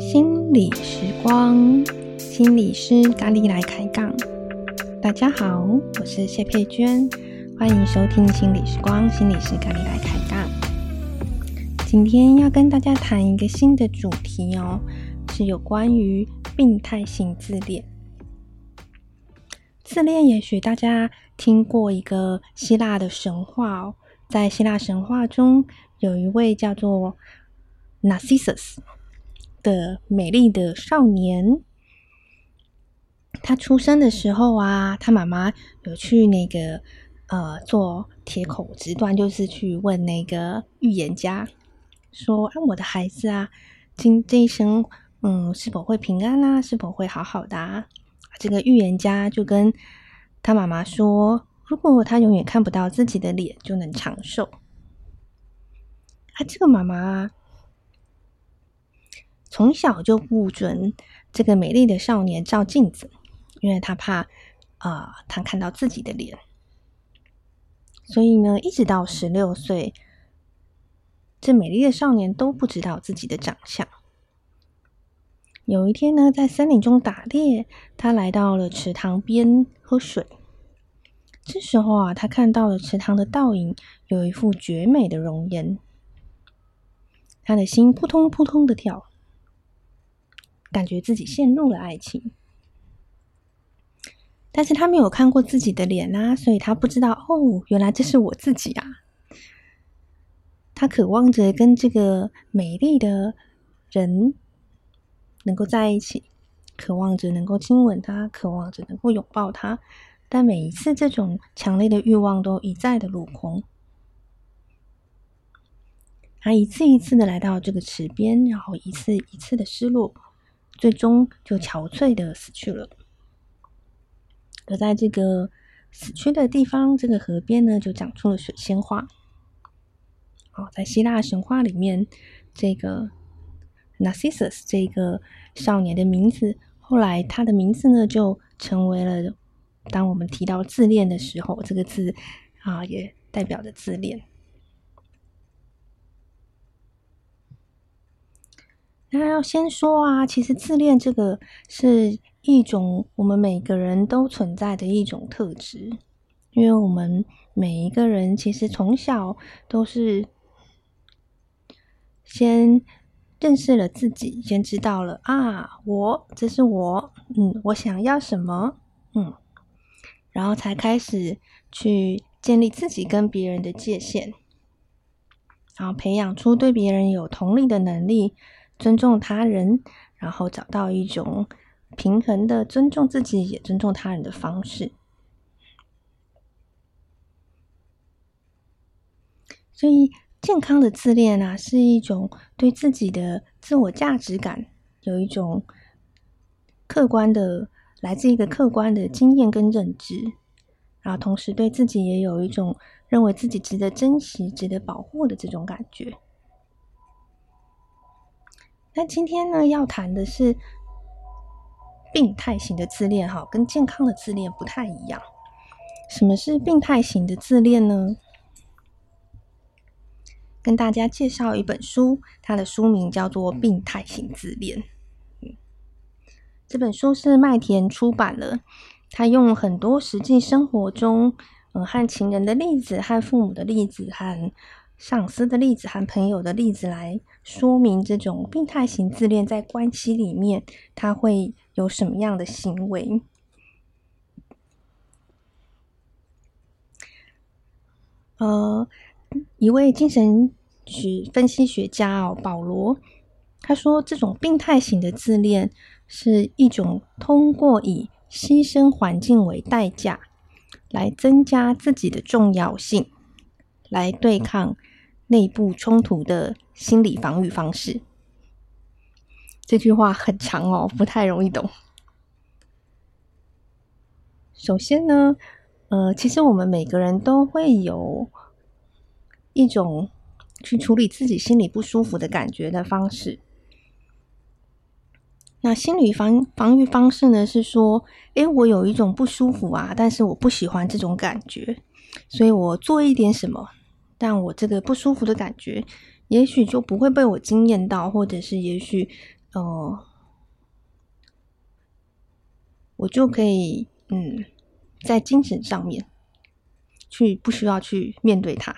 心理時光，心理師咖喱來開講。大家好，我是謝佩娟，歡迎收聽心理時光，心理師咖喱來開講。今天要跟大家談一個新的主題哦，是有關於病態型自戀。自戀，也許大家聽過一個希臘的神話哦。在希臘神話中，有一位叫做 Narcissus 的美麗的少年。他出生的時候啊，他媽媽有去那個呃做鐵口直斷，就是去問那個預言家，說：“啊，我的孩子啊，今這一生，嗯，是否會平安啊？是否會好好的啊？”這個預言家就跟他媽媽說：“如果他永遠看不到自己的臉，就能長壽。”啊，這個媽媽從小就不准這個美麗的少年照鏡子，因為他怕啊、呃，他看到自己的臉。所以呢，一直到十六歲，這美麗的少年都不知道自己的長相。有一天呢，在森林中打獵，他來到了池塘邊喝水。這時候啊，他看到了池塘的倒影，有一副絕美的容顏。他的心撲通撲通的跳，感覺自己陷入了愛情。但是他沒有看過自己的臉啦、啊，所以他不知道，哦，原來這是我自己啊。他渴望着跟這個美麗的人。能夠在一起，渴望着能夠親吻他，渴望着能夠擁抱他，但每一次這種強烈的慾望都一再的落空。他一次一次的來到這個池邊，然後一次一次的失落，最終就憔悴的死去了。而在這個死去的地方，這個河邊呢，就長出了水仙花。好，在希臘神話裡面，這個。Narcissus 這個少年的名字，後來他的名字呢，就成為了當我們提到自戀的時候，這個字啊，也代表着自戀。那要先說啊，其實自戀這個是一種我們每個人都存在的一種特質，因為我們每一個人其實從小都是先。認識了自己，先知道了啊，我這是我，嗯，我想要什麼，嗯，然後才開始去建立自己跟別人的界限，然後培養出對別人有同理的能力，尊重他人，然後找到一種平衡的尊重自己，也尊重他人的方式，所以。健康的自戀啊，是一種對自己的自我價值感有一種客觀的，來自一個客觀的經驗跟認知，啊，同時對自己也有一種認為自己值得珍惜、值得保護的這種感覺。那今天呢，要談的是病態型的自戀，哈，跟健康的自戀不太一樣。什麼是病態型的自戀呢？跟大家介紹一本書，它的書名叫做《病態型自戀》。這本書是麥田出版的，他用很多實際生活中，嗯、呃，和情人的例子、和父母的例子、和上司的例子、和朋友的例子來說明這種病態型自戀在關係裡面，他會有什麼樣的行為。呃。一位精神學分析學家哦，保羅，他說：“這種病態型的自戀是一種通過以犧牲環境為代價來增加自己的重要性，來對抗內部衝突的心理防禦方式。”這句話很長哦，不太容易懂。首先呢，呃，其實我們每個人都會有。一種去處理自己心裡不舒服的感覺的方式。那心理防防禦方式呢？是說，誒，我有一種不舒服啊，但是我不喜歡這種感覺，所以我做一點什麼，但我這個不舒服的感覺，也許就不會被我驚豔到，或者是也許，哦、呃，我就可以，嗯，在精神上面去不需要去面對它。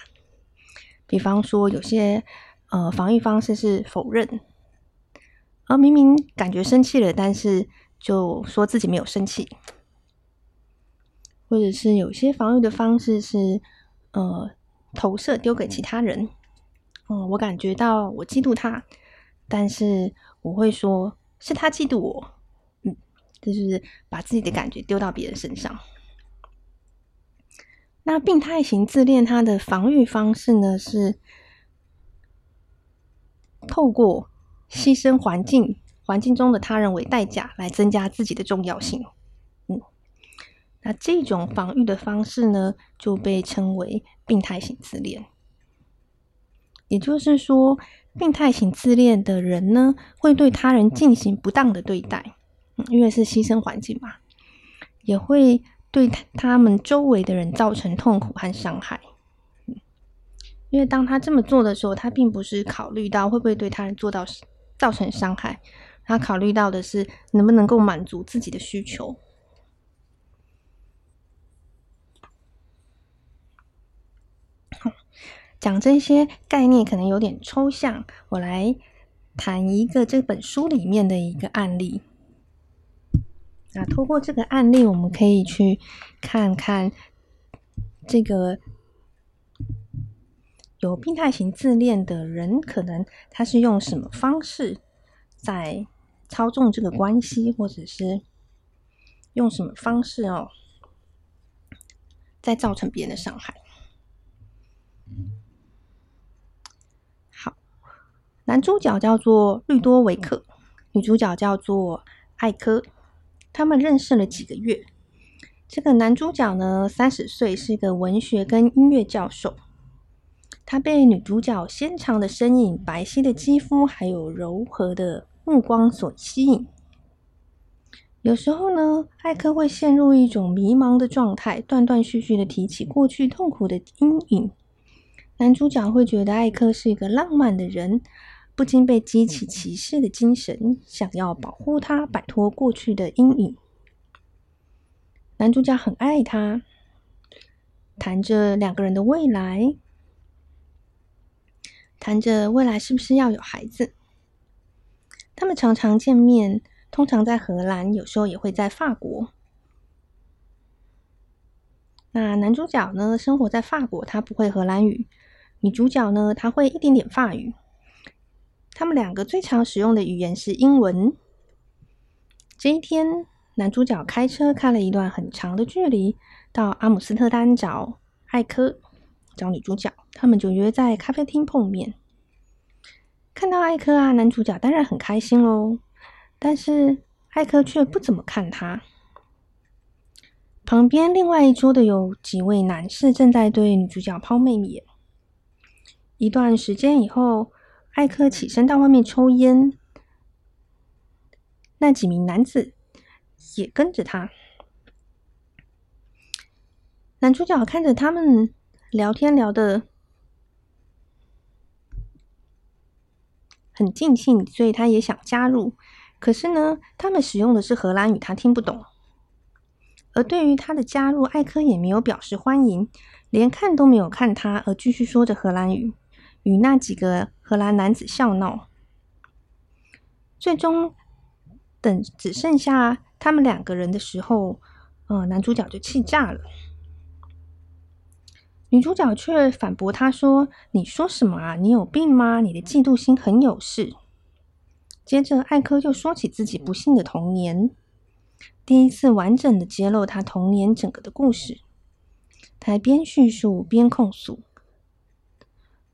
比方說，有些呃防禦方式是否認，啊、哦，明明感覺生氣了，但是就說自己沒有生氣；或者是有些防禦的方式是呃投射，丟給其他人。嗯、哦，我感覺到我嫉妒他，但是我會說是他嫉妒我。嗯，就是把自己的感覺丟到別人身上。那病態型自戀，他的防御方式呢，是透過犧牲環境、環境中的他人為代價，來增加自己的重要性。嗯，那這種防御的方式呢，就被稱為病態型自戀。也就是說，病態型自戀的人呢，會對他人進行不當的對待，嗯，因為是犧牲環境嘛，也會。對他他們周圍的人造成痛苦和傷害，因為當他這麼做的時候，他並不是考慮到會不會對他人做到造成傷害，他考慮到的是能不能夠滿足自己的需求。講這些概念可能有點抽象，我來談一個這本書裡面的一個案例。那通過這個案例，我們可以去看看這個有病態型自戀的人，可能他是用什麼方式在操縱這個關係，或者是用什麼方式哦，在造成別人的傷害。好，男主角叫做綠多維克，女主角叫做艾科。他們認識了幾個月。這個男主角呢，三十歲，是一個文學跟音樂教授。他被女主角纖長的身影、白皙的肌膚，還有柔和的目光所吸引。有時候呢，艾克會陷入一種迷茫的狀態，斷斷續續的提起過去痛苦的陰影。男主角會覺得艾克是一個浪漫的人。不禁被激起騎士的精神，想要保護她，擺脫過去的陰影。男主角很愛她，談着兩個人的未來，談着未來是不是要有孩子。他們常常見面，通常在荷蘭，有時候也會在法國。那男主角呢，生活在法國，他不會荷蘭語；女主角呢，她會一點點法語。他們兩個最常使用的語言是英文。這一天，男主角開車開了一段很長的距離，到阿姆斯特丹找艾科，找女主角。他們就約在咖啡廳碰面。看到艾科啊，男主角當然很開心嘍。但是艾科卻不怎麼看他。旁邊另外一桌的有幾位男士正在對女主角拋媚眼。一段時間以後。艾克起身到外面抽煙，那幾名男子也跟着他。男主角看着他們聊天聊得很盡興，所以他也想加入。可是呢，他們使用的是荷蘭語，他聽不懂。而對於他的加入，艾克也沒有表示歡迎，連看都沒有看他，而繼續說着荷蘭語。與那幾個荷蘭男子笑鬧，最終等只剩下他們兩個人的時候，嗯、呃，男主角就氣炸了。女主角卻反駁他說：“你說什麼啊？你有病嗎？你的嫉妒心很有事。”接着，艾科就說起自己不幸的童年，第一次完整的揭露他童年整個的故事。他還邊敘述邊控訴。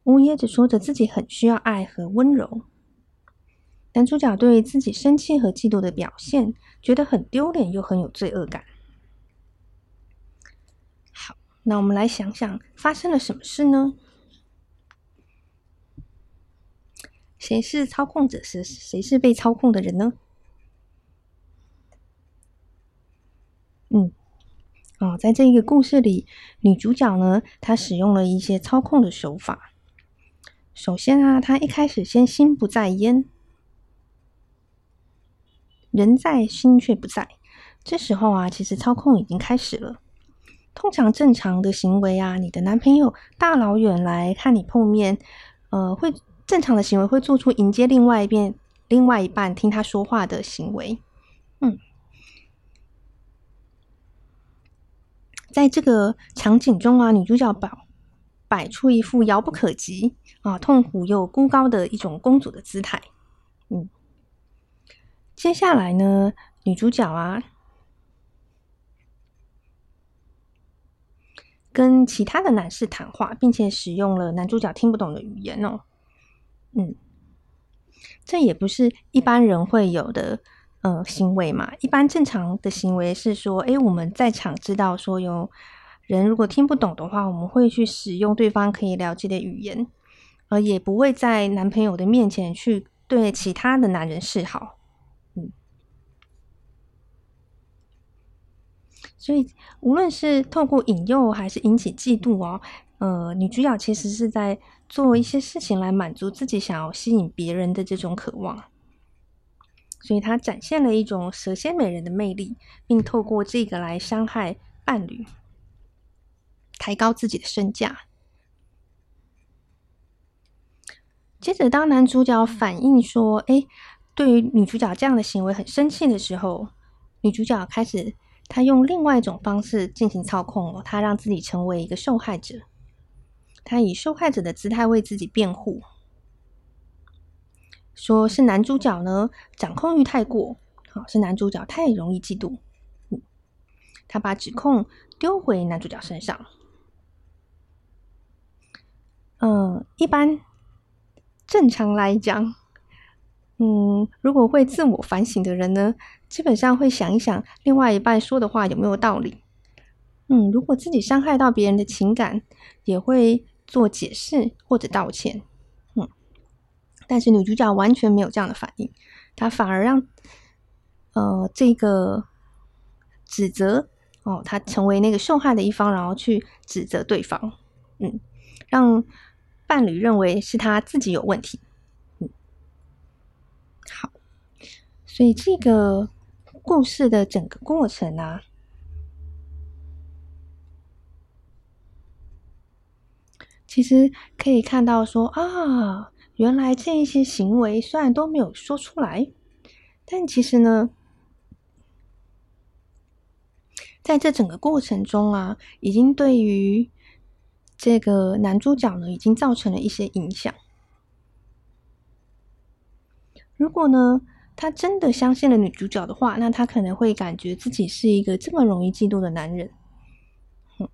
嗚咽着說着自己很需要愛和溫柔。男主角對於自己生氣和嫉妒的表現覺得很丟臉，又很有罪惡感。好，那我們來想想發生了什麼事呢？誰是操控者？誰是被操控的人呢？嗯，哦，在這個故事裡，女主角呢，她使用了一些操控的手法。首先啊，他，一開始先心不在焉，人在心卻不在。這時候啊，其實操控已經開始了。通常正常的行為啊，你的男朋友大老遠來看你碰面，呃，會正常的行為會做出迎接另外一邊、另外一半聽他說話的行為。嗯，在這個場景中啊，女主角寶，擺出一副遙不可及啊，痛苦又孤高的一種公主的姿態。嗯，接下來呢，女主角啊，跟其他的男士談話，並且使用了男主角聽不懂的語言哦。嗯，這也不是一般人會有的呃行為嘛。一般正常的行為是說，欸，我們在場知道說有人如果聽不懂的話，我們會去使用對方可以了解的語言，而也不會在男朋友的面前去對其他的男人示好，嗯。所以無論是透過引誘還是引起嫉妒哦，呃，女主角其實是在做一些事情來滿足自己想要吸引別人的這種渴望，所以她展現了一種蛇蠍美人的魅力，並透過這個來傷害伴侶。抬高自己的身價。接着，當男主角反應說：“哎、欸，對於女主角這樣的行為很生氣的時候，女主角開始她用另外一種方式進行操控了。她讓自己成為一個受害者，她以受害者的姿態為自己辯護，說是男主角呢掌控欲太過，好是男主角太容易嫉妒。他、嗯、她把指控丟回男主角身上。”一般正常來講，嗯，如果會自我反省的人呢，基本上會想一想另外一半說的話有沒有道理。嗯，如果自己傷害到別人的情感，也會做解釋或者道歉。嗯，但是女主角完全沒有這樣的反應，她反而讓呃這個指責哦，她成為那個受害的一方，然後去指責對方。嗯，讓。伴侶認為是他自己有問題。嗯。好，所以這個故事的整個過程呢，啊，其實可以看到說啊，原來這一些行為雖然都沒有說出來，但其實呢，在這整個過程中啊，已經對於。這個男主角呢，已經造成了一些影響。如果呢，他真的相信了女主角的話，那他可能會感覺自己是一個這麼容易嫉妒的男人。嗯，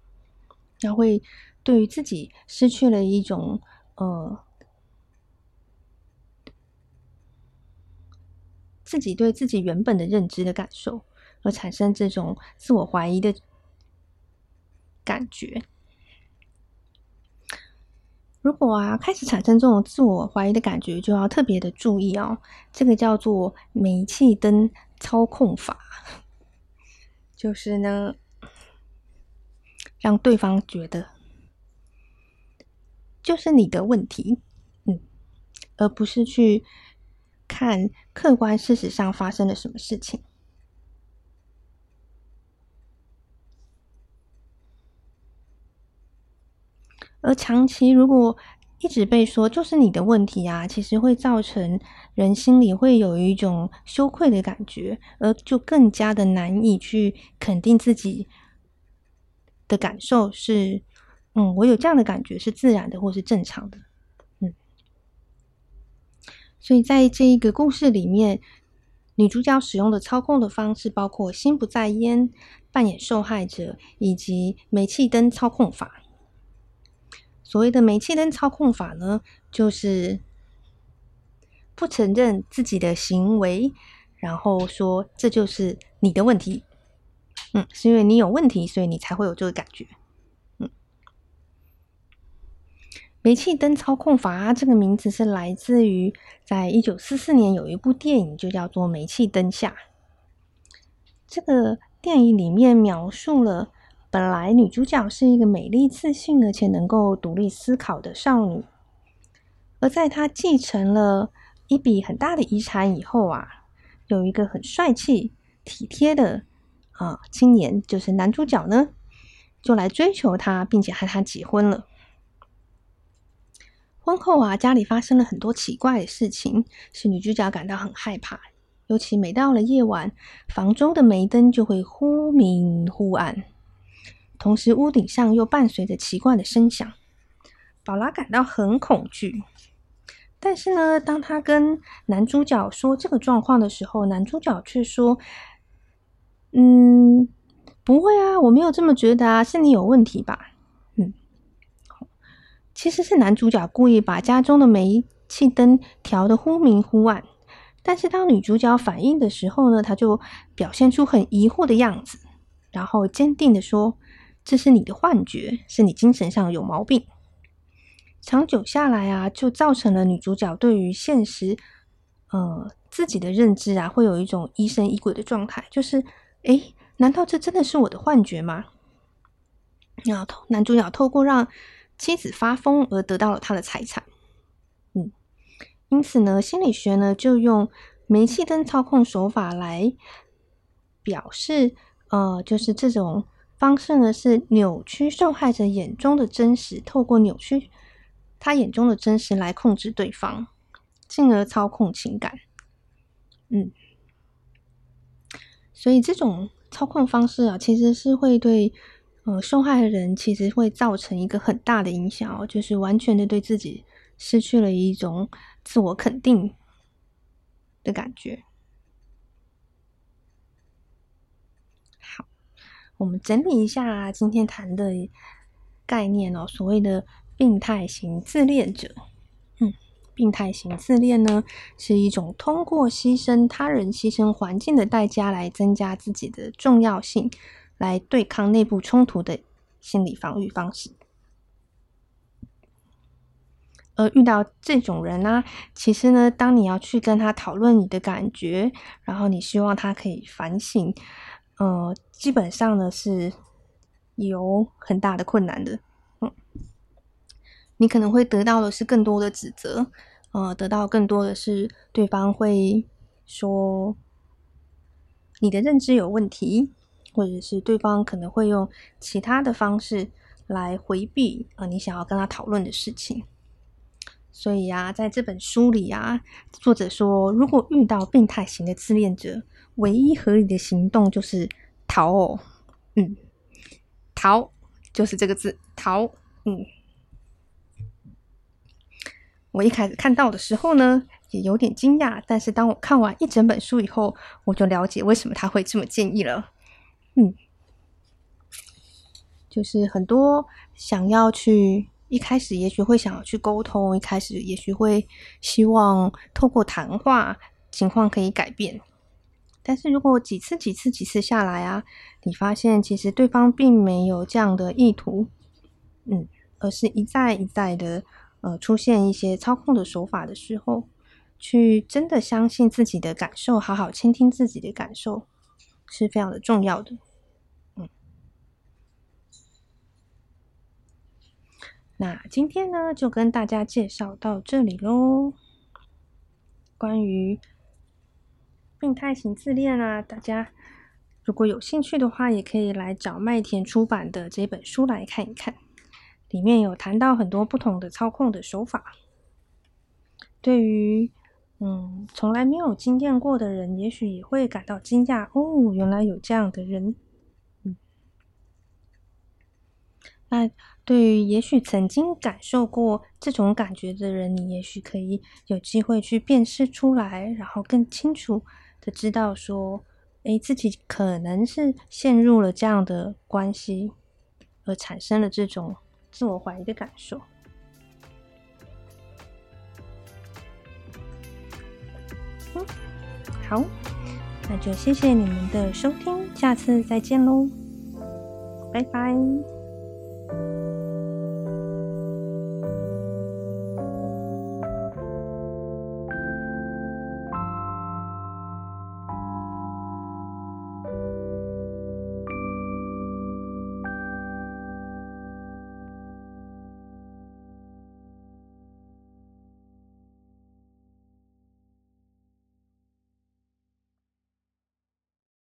然後會對於自己失去了一種呃，自己對自己原本的認知的感受，而產生這種自我懷疑的感覺。如果啊，開始產生這種自我懷疑的感覺，就要特別的注意哦！這個叫做煤氣燈操控法，就是呢，讓對方覺得，就是你的問題，嗯，而不是去看客觀事實上發生了什麼事情。而長期如果一直被說就是你的問題啊，其實會造成人心裡會有一種羞愧的感覺，而就更加的難以去肯定自己的感受是，嗯，我有這樣的感覺是自然的或是正常的，嗯。所以在這一個故事裡面，女主角使用的操控的方式包括心不在焉、扮演受害者以及煤氣燈操控法。所謂的煤氣燈操控法呢，就是不承認自己的行為，然後說這就是你的問題，嗯，是因為你有問題，所以你才會有這個感覺，嗯。煤氣燈操控法啊，這個名字是來自於在一九四四年有一部電影，就叫做《煤氣燈下》。這個電影裡面描述了。本來女主角是一個美麗、自信，而且能夠獨立思考的少女。而在她繼承了一筆很大的遺產以後啊，有一個很帥氣、體貼的啊青年，就是男主角呢，就來追求她，並且和她結婚了。婚後啊，家裡發生了很多奇怪的事情，使女主角感到很害怕。尤其每到了夜晚，房中的煤燈就會忽明忽暗。同時，屋頂上又伴隨着奇怪的聲響，寶拉感到很恐懼。但是呢，當她跟男主角說這個狀況的時候，男主角卻說：“嗯，不會啊，我沒有這麼覺得啊，是你有問題吧？”嗯，其實是男主角故意把家中的煤氣燈調的忽明忽暗。但是當女主角反應的時候呢，他就表現出很疑惑的樣子，然後堅定的說。這是你的幻覺，是你精神上有毛病。長久下來啊，就造成了女主角對於現實，呃，自己的認知啊，會有一種疑神疑鬼的狀態。就是，誒，難道這真的是我的幻覺嗎？啊，透男主角透過讓妻子發瘋而得到了他的財產。嗯，因此呢，心理學呢就用煤氣燈操控手法來表示，呃，就是這種。方式呢是扭曲受害者眼中的真實，透過扭曲他眼中的真實來控制對方，進而操控情感。嗯，所以這種操控方式啊，其實是會對嗯、呃、受害人其實會造成一個很大的影響哦，就是完全的對自己失去了一種自我肯定的感覺。我們整理一下啊，今天談的概念哦，所謂的病態型自戀者，嗯，病態型自戀呢是一種通過犧牲他人、犧牲環境的代價來增加自己的重要性，來對抗內部衝突的心理防禦方式。而遇到這種人呢，啊，其實呢，當你要去跟他討論你的感覺，然後你希望他可以反省。呃，基本上呢是有很大的困難的。嗯，你可能會得到的是更多的指責，呃，得到更多的是對方會說你的認知有問題，或者是對方可能會用其他的方式來回避啊，呃，你想要跟他討論的事情。所以啊，在這本書裡啊，作者說，如果遇到病態型的自戀者。唯一合理的行動就是逃哦。嗯，逃就是這個字，逃。嗯，我一開始看到的時候呢，也有點驚訝。但是當我看完一整本書以後，我就了解為什麼他會這麼建議了。嗯，就是很多想要去，一開始也許會想要去溝通，一開始也許會希望透過談話情況可以改變。但是如果幾次幾次幾次下來啊，你發現其實對方並沒有這樣的意圖，嗯，而是一再一再的呃出現一些操控的手法的時候，去真的相信自己的感受，好好傾聽自己的感受，是非常的重要的。嗯，那今天呢，就跟大家介紹到這裡嘍，關於病態型自戀啊，大家如果有興趣的話，也可以來找麥田出版的這本書來看一看，裡面有談到很多不同的操控的手法。對於嗯從來沒有經驗過的人，也許也會感到驚訝哦，原來有這樣的人。嗯，那對於也許曾經感受過這種感覺的人，你也許可以有機會去辨識出來，然後更清楚，就知道說，欸，自己可能是陷入了這樣的關係，而產生了這種自我懷疑的感受。嗯，好，那就謝謝你們的收聽，下次再見囉，拜拜。